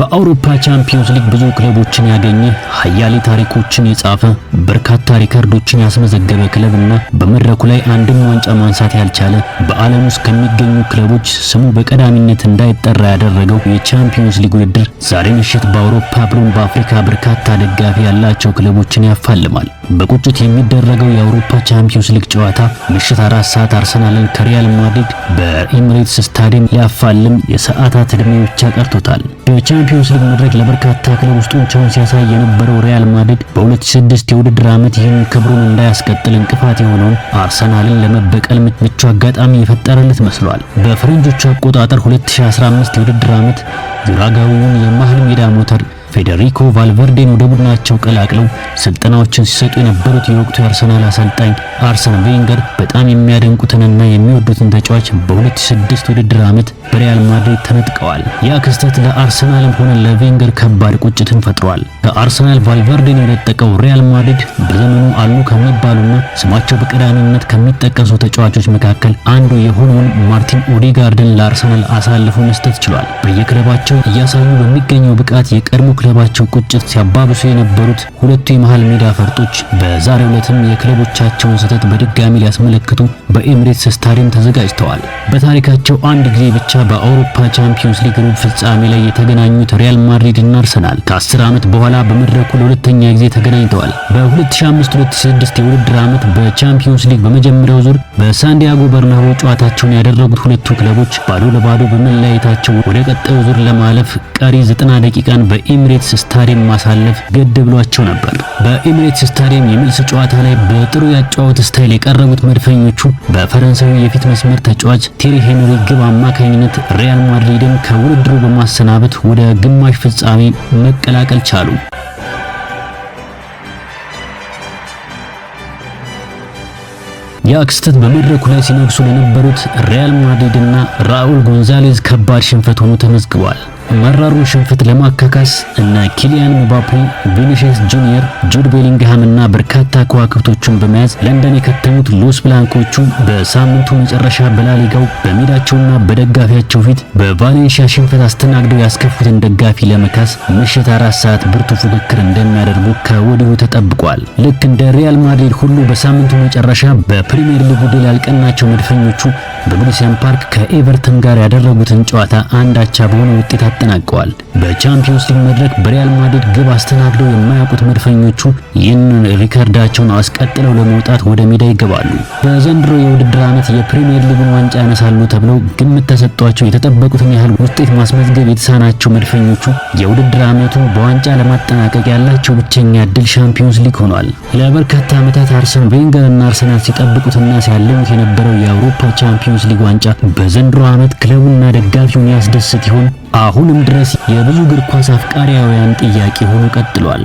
በአውሮፓ ቻምፒዮንስ ሊግ ብዙ ክለቦችን ያገኘ ሀያሌ ታሪኮችን የጻፈ በርካታ ሪከርዶችን ያስመዘገበ ክለብ እና በመድረኩ ላይ አንድም ዋንጫ ማንሳት ያልቻለ በዓለም ውስጥ ከሚገኙ ክለቦች ስሙ በቀዳሚነት እንዳይጠራ ያደረገው የቻምፒዮንስ ሊግ ውድድር ዛሬ ምሽት በአውሮፓ ብሎም በአፍሪካ በርካታ ደጋፊ ያላቸው ክለቦችን ያፋልማል። በቁጭት የሚደረገው የአውሮፓ ቻምፒዮንስ ሊግ ጨዋታ ምሽት አራት ሰዓት አርሰናልን ከሪያል ማድሪድ በኢምሬትስ ስታዲየም ሊያፋልም የሰዓታት ዕድሜ ብቻ ቀርቶታል። በሻምፒዮንስ ሊግ መድረክ ለበርካታ ክለቦች ጡንቻውን ሲያሳይ የነበረው ሪያል ማድሪድ በ2006 የውድድር ዓመት ይህን ክብሩን እንዳያስቀጥል እንቅፋት የሆነውን አርሰናልን ለመበቀል ምቹ አጋጣሚ የፈጠረለት መስሏል። በፈረንጆቹ አቆጣጠር 2015 የውድድር ዓመት ዩራጋዊውን የማህል ሜዳ ሞተር ፌዴሪኮ ቫልቨርዴን ወደ ቡድናቸው ቀላቅለው ስልጠናዎችን ሲሰጡ የነበሩት የወቅቱ የአርሰናል አሰልጣኝ አርሰን ቬንገር በጣም የሚያደንቁትንና የሚወዱትን ተጫዋች በ2006 ውድድር ዓመት በሪያል ማድሪድ ተነጥቀዋል። ያ ክስተት ለአርሰናልም ሆነ ለቬንገር ከባድ ቁጭትን ፈጥሯል። ከአርሰናል ቫልቨርዴን የነጠቀው ሪያል ማድሪድ በዘመኑ አሉ ከሚባሉና ስማቸው በቀዳሚነት ከሚጠቀሱ ተጫዋቾች መካከል አንዱ የሆነውን ማርቲን ኦዲጋርድን ለአርሰናል አሳልፎ መስጠት ችሏል። በየክለባቸው እያሳዩ በሚገኘው ብቃት የቀድሞ ክለባቸው ቁጭት ሲያባብሱ የነበሩት ሁለቱ የመሃል ሜዳ ፈርጦች በዛሬው ዕለትም የክለቦቻቸውን ስህተት በድጋሚ ሊያስመለክቱ በኤምሬትስ ስታዲየም ተዘጋጅተዋል። በታሪካቸው አንድ ጊዜ ብቻ በአውሮፓ ቻምፒዮንስ ሊግ ሩብ ፍጻሜ ላይ የተገናኙት ሪያል ማድሪድ እና አርሰናል ከ10 ዓመት በኋላ በመድረኩ ለሁለተኛ ጊዜ ተገናኝተዋል። በ2005/2006 የውድድር ዓመት በቻምፒዮንስ ሊግ በመጀመሪያው ዙር በሳንዲያጎ በርናቦ ጨዋታቸውን ያደረጉት ሁለቱ ክለቦች ባዶ ለባዶ በመለያየታቸው ወደ ቀጣዩ ዙር ለማለፍ ቀሪ 90 ደቂቃን በኤምሬትስ በኤሚሬትስ ስታዲየም ማሳለፍ ግድ ብሏቸው ነበር። በኤሚሬትስ ስታዲየም የመልስ ጨዋታ ላይ በጥሩ ያጫወት ስታይል የቀረቡት መድፈኞቹ በፈረንሳዊ የፊት መስመር ተጫዋች ቴሪ ሄንሪ ግብ አማካኝነት ሪያል ማድሪድን ከውድድሩ በማሰናበት ወደ ግማሽ ፍጻሜ መቀላቀል ቻሉ። ያ ክስተት በመድረኩ ላይ ሲነግሱ ለነበሩት ሪያል ማድሪድ እና ራኡል ጎንዛሌዝ ከባድ ሽንፈት ሆኖ ተመዝግቧል። መራሩን ሽንፈት ለማካካስ እና ኪሊያን ምባፔ፣ ቪኒሽስ ጁኒየር፣ ጁድ ቤሊንግሃም እና በርካታ ከዋክብቶቹን በመያዝ ለንደን የከተሙት ሎስ ብላንኮቹ በሳምንቱ መጨረሻ በላሊጋው በሜዳቸውና በደጋፊያቸው ፊት በቫሌንሺያ ሽንፈት አስተናግደው ያስከፉትን ደጋፊ ለመካስ ምሽት አራት ሰዓት ብርቱ ፉክክር እንደሚያደርጉ ከወዲሁ ተጠብቋል። ልክ እንደ ሪያል ማድሪድ ሁሉ በሳምንቱ መጨረሻ በፕሪ በፕሪሚየር ሊጉ ድል ያልቀናቸው መድፈኞቹ በጉዲሰን ፓርክ ከኤቨርተን ጋር ያደረጉትን ጨዋታ አንድ አቻ በሆነ ውጤት አጠናቀዋል። በቻምፒዮንስ ሊግ መድረክ በሪያል ማድሪድ ግብ አስተናግደው የማያውቁት መድፈኞቹ ይህንን ሪከርዳቸውን አስቀጥለው ለመውጣት ወደ ሜዳ ይገባሉ። በዘንድሮ የውድድር ዓመት የፕሪሚየር ሊጉን ዋንጫ ያነሳሉ ተብለው ግምት ተሰጧቸው የተጠበቁትን ያህል ውጤት ማስመዝገብ የተሳናቸው መድፈኞቹ የውድድር ዓመቱ በዋንጫ ለማጠናቀቅ ያላቸው ብቸኛ እድል ቻምፒዮንስ ሊግ ሆኗል። ለበርካታ ዓመታት አርሰን ቬንገር አርሰናል ሲጠብቁ ሲናፍቁትና ሲያልሙት የነበረው የአውሮፓ ቻምፒዮንስ ሊግ ዋንጫ በዘንድሮ ዓመት ክለቡና ደጋፊውን ያስደስት ይሆን? አሁንም ድረስ የብዙ እግር ኳስ አፍቃሪያውያን ጥያቄ ሆኖ ቀጥሏል።